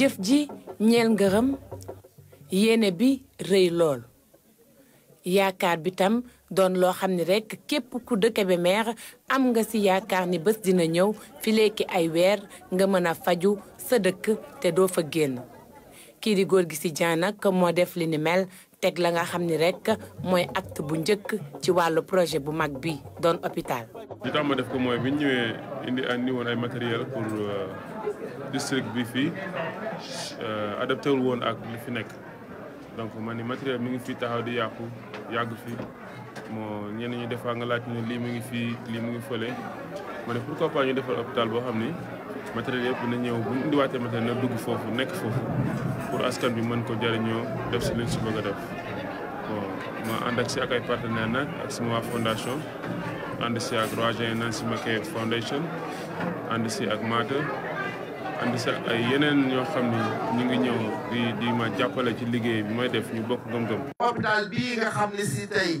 jëf ji ñeel ngërëm yéene bi rëy lool yaakaar bi tam doon loo xam ni rekk képp ku dëkk Kébémer am nga ci yaakaar ni bés dina ñëw fileeki ay weer nga mën a faju sa dëkk te doo fa génn kii di góor gi si Dieng nag moo def li ni mel teg la nga xam ni rek mooy acte bu njëkk ci wàllu projet bu mag bi doon hôpital. li tax ma def ko mooy bi ñu ñëwee indi andi woon ay matériel pour euh, district bi fii euh, adapté woon ak li fi nekk donc man ni matériel mi ngi fii taxaw di yàqu yàgg fii moo ñenn ñi des nga laaj ne lii mi ngi fii lii mu ngi fole ma ne pourquoi pas ñu defar hôpital boo xam ni. matériel yëpp na ñëw bu ñu indiwaatee matériel na dugg foofu nekk foofu pour askan bi mën ko jëriñoo def si liñ si bëgg a def bon ma ànd ak si ak ay partenaire nag ak sama waa fondation ànd si ak Roger Nancy Mackey Foundation ànd si ak Maata ànd si ay yeneen ñoo xam ni ñu ngi ñëw di di ma jàppale ci liggéey bi may def ñu bokk gëm-gëm. hôpital bii nga xam ne si tey.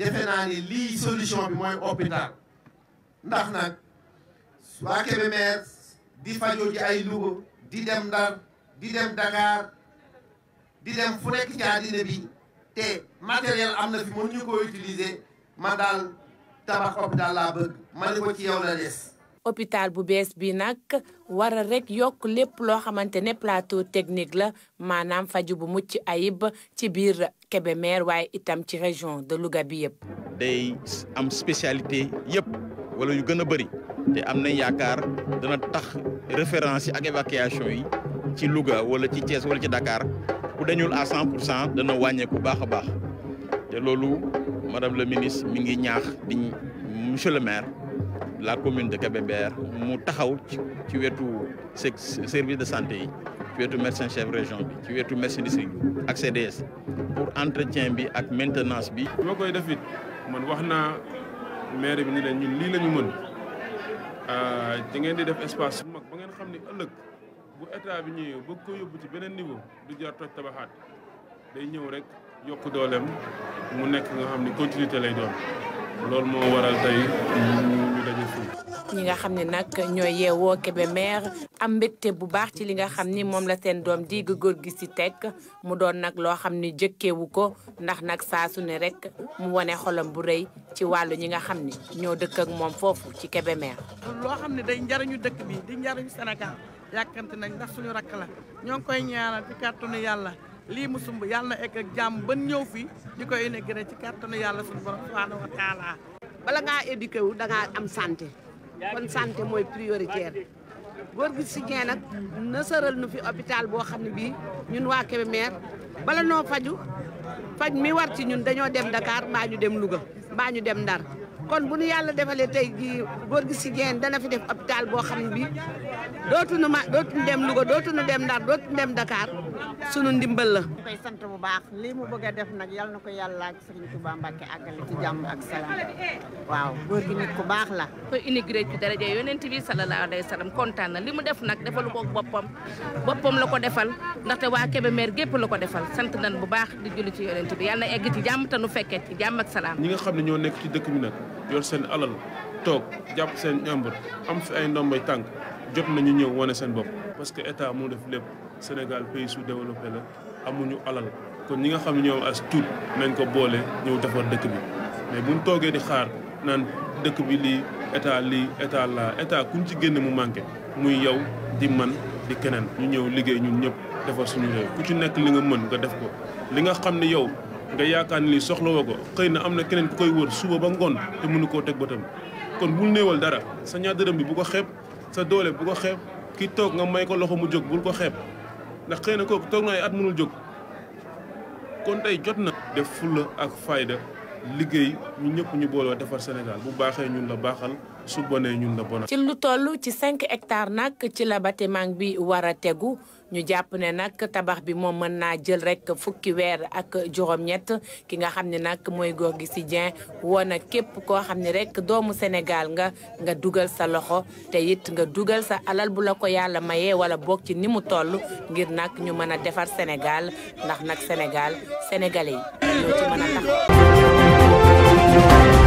defe naa ni lii solution bi mooy hôpital ndax nag waa Kébémer di fajoo ji ay Louga di dem Ndar di dem Dakar di dem fu nekk ci àddina bi te matériel am na fi mënuñu ko utiliser ma daal tabax hôpital laa bëgg ma ne ko ci yow la des hôpital bu bees bi nag war rek yokk lépp loo xamante ne plateau technique la maanaam faju bu mucc ayib ci biir Kébémer waaye itam ci région de Louga bi yëpp. day am spécialité yëpp wala yu gën a bëri te am nañ yaakaar dana tax référence yi ak évacuation yi ci Louga wala ci Thiès wala ci Dakar bu dañul à 100 pour cent dana wàññeeku baax a baax te loolu madame la ministre mi ngi ñaax di monsieur le maire. la commune de Kébémer mu taxaw ci wetu service de santé yi ci wetu médecin chef région bi ci wetu médecin district bi ak CDS pour entretien bi ak maintenance bi. ma koy def it man wax naa maire bi nii leen ñun lii la ñu mën ah, da ngeen di def espace bu mag ba ngeen xam ni ëllëg bu état bi ñëwee bëgg ko yóbbu ci beneen niveau du jar toj tabaxaat day ñëw rek yokk dooleem mu nekk nga xam ni continuité lay doon. lool moo waral tey ñi nga xam ni nag ñoo yeewoo Kébémer am mbégte bu baax ci li nga xam ni moom la seen doom di góor gi ci tekk mu doon nag loo xam ni jëkkewu ko ndax nag saa su ne rek mu wane xolam bu rëy ci wàllu ñi nga xam ni ñoo dëkk ak moom foofu ci Kébémer. loo xam ne day njariñu dëkk bi di njariñu Sénégal yàkkante nañ ndax suñu rakk la ñoo ngi koy ñaanal ci kàttanu yàlla. lii mu sumb yàlla na ek ak jàmm ban ñëw fii di koy inauguré ci kàttanu yàlla suñu borom subhaanahu wa taala bala ngaa éduqué wu da am santé kon santé mooy prioritaire góor gi si ñee nag nu fi hôpital boo xam ne bii ñun waa Kébémer bala noo faju faj mi war ci ñun dañoo dem Dakar mbaa ñu dem Louga mbaa ñu dem Ndar kon bu nu yàlla defalee tey jii góor gi si dana fi def hôpital boo xam ne bi dootuñu ma dootuñu dem Louga dootuñu dem Ndar dootuñu dem Dakar sunu ndimbal la. ñu koy bu baax lii mu bëgg a def nag yal na ko yàlla ak Serigne Touba Mbacke àggale ci jàmm ak salaam waaw gi nit ku baax la. ko inauguré ci daraja yonent bi sallallahu alayhi wa sallam kontaan na li mu def nag defalu ko boppam boppam la ko defal ndaxte waa Kébémer gépp la ko defal sant nañ bu baax di julli ci yonent bi yàlla egg ci jàmm te nu fekkee ci jàmm ak salaam. ñi nga xam ne ñoo nekk ci dëkk bi nag. yor seen alal toog jàpp seen ñàmbur am fi ay ndombay tànk jot nañu ñëw wane seen bopp. parce que état moo def lépp Sénégal pays sous-développé la amuñu alal kon ñi nga xam ne ñoom as tuut nañ ko boole ñëw defar dëkk bi mais bu buñ toogee di xaar naan dëkk bi lii état lii état laa état kuñ ci génne mu manqué muy yow di man di keneen. ñu ñëw liggéey ñun ñëpp defar suñu réew ku ci nekk li nga mën nga def ko li nga xam ne yow. nga yaakaar ni soxla woo ko xëy na am na keneen ku koy wër suba ba ngoon te mënu koo teg bëtam kon bul néewal dara sa ñaar dërëm bi bu ko xeeb sa doole bu ko xeeb ki toog nga may ko loxo mu jóg bul ko xeeb ndax xëy na kooku toog na ay at mënul jóg kon tey jot na def fulla ak fayda liggéey ñu ñëpp ñu booloo defar Sénégal bu baaxee ñun la baaxal su ci lu toll ci cinq hectares nag ci la bâtiment bi wara tegu ñu jàpp ne nag tabax bi moom mën naa jël rekk fukki weer ak juróom-ñett ki nga xam ni nag mooy góor gi ci Dieng woon ak képp koo xam ni rekk doomu Sénégal nga nga dugal sa loxo te it nga dugal sa alal bu la ko yàlla mayee wala boog ci ni mu toll ngir nag ñu mën a defar Sénégal ndax nag Sénégal sénégalais yi ñoo ci mën a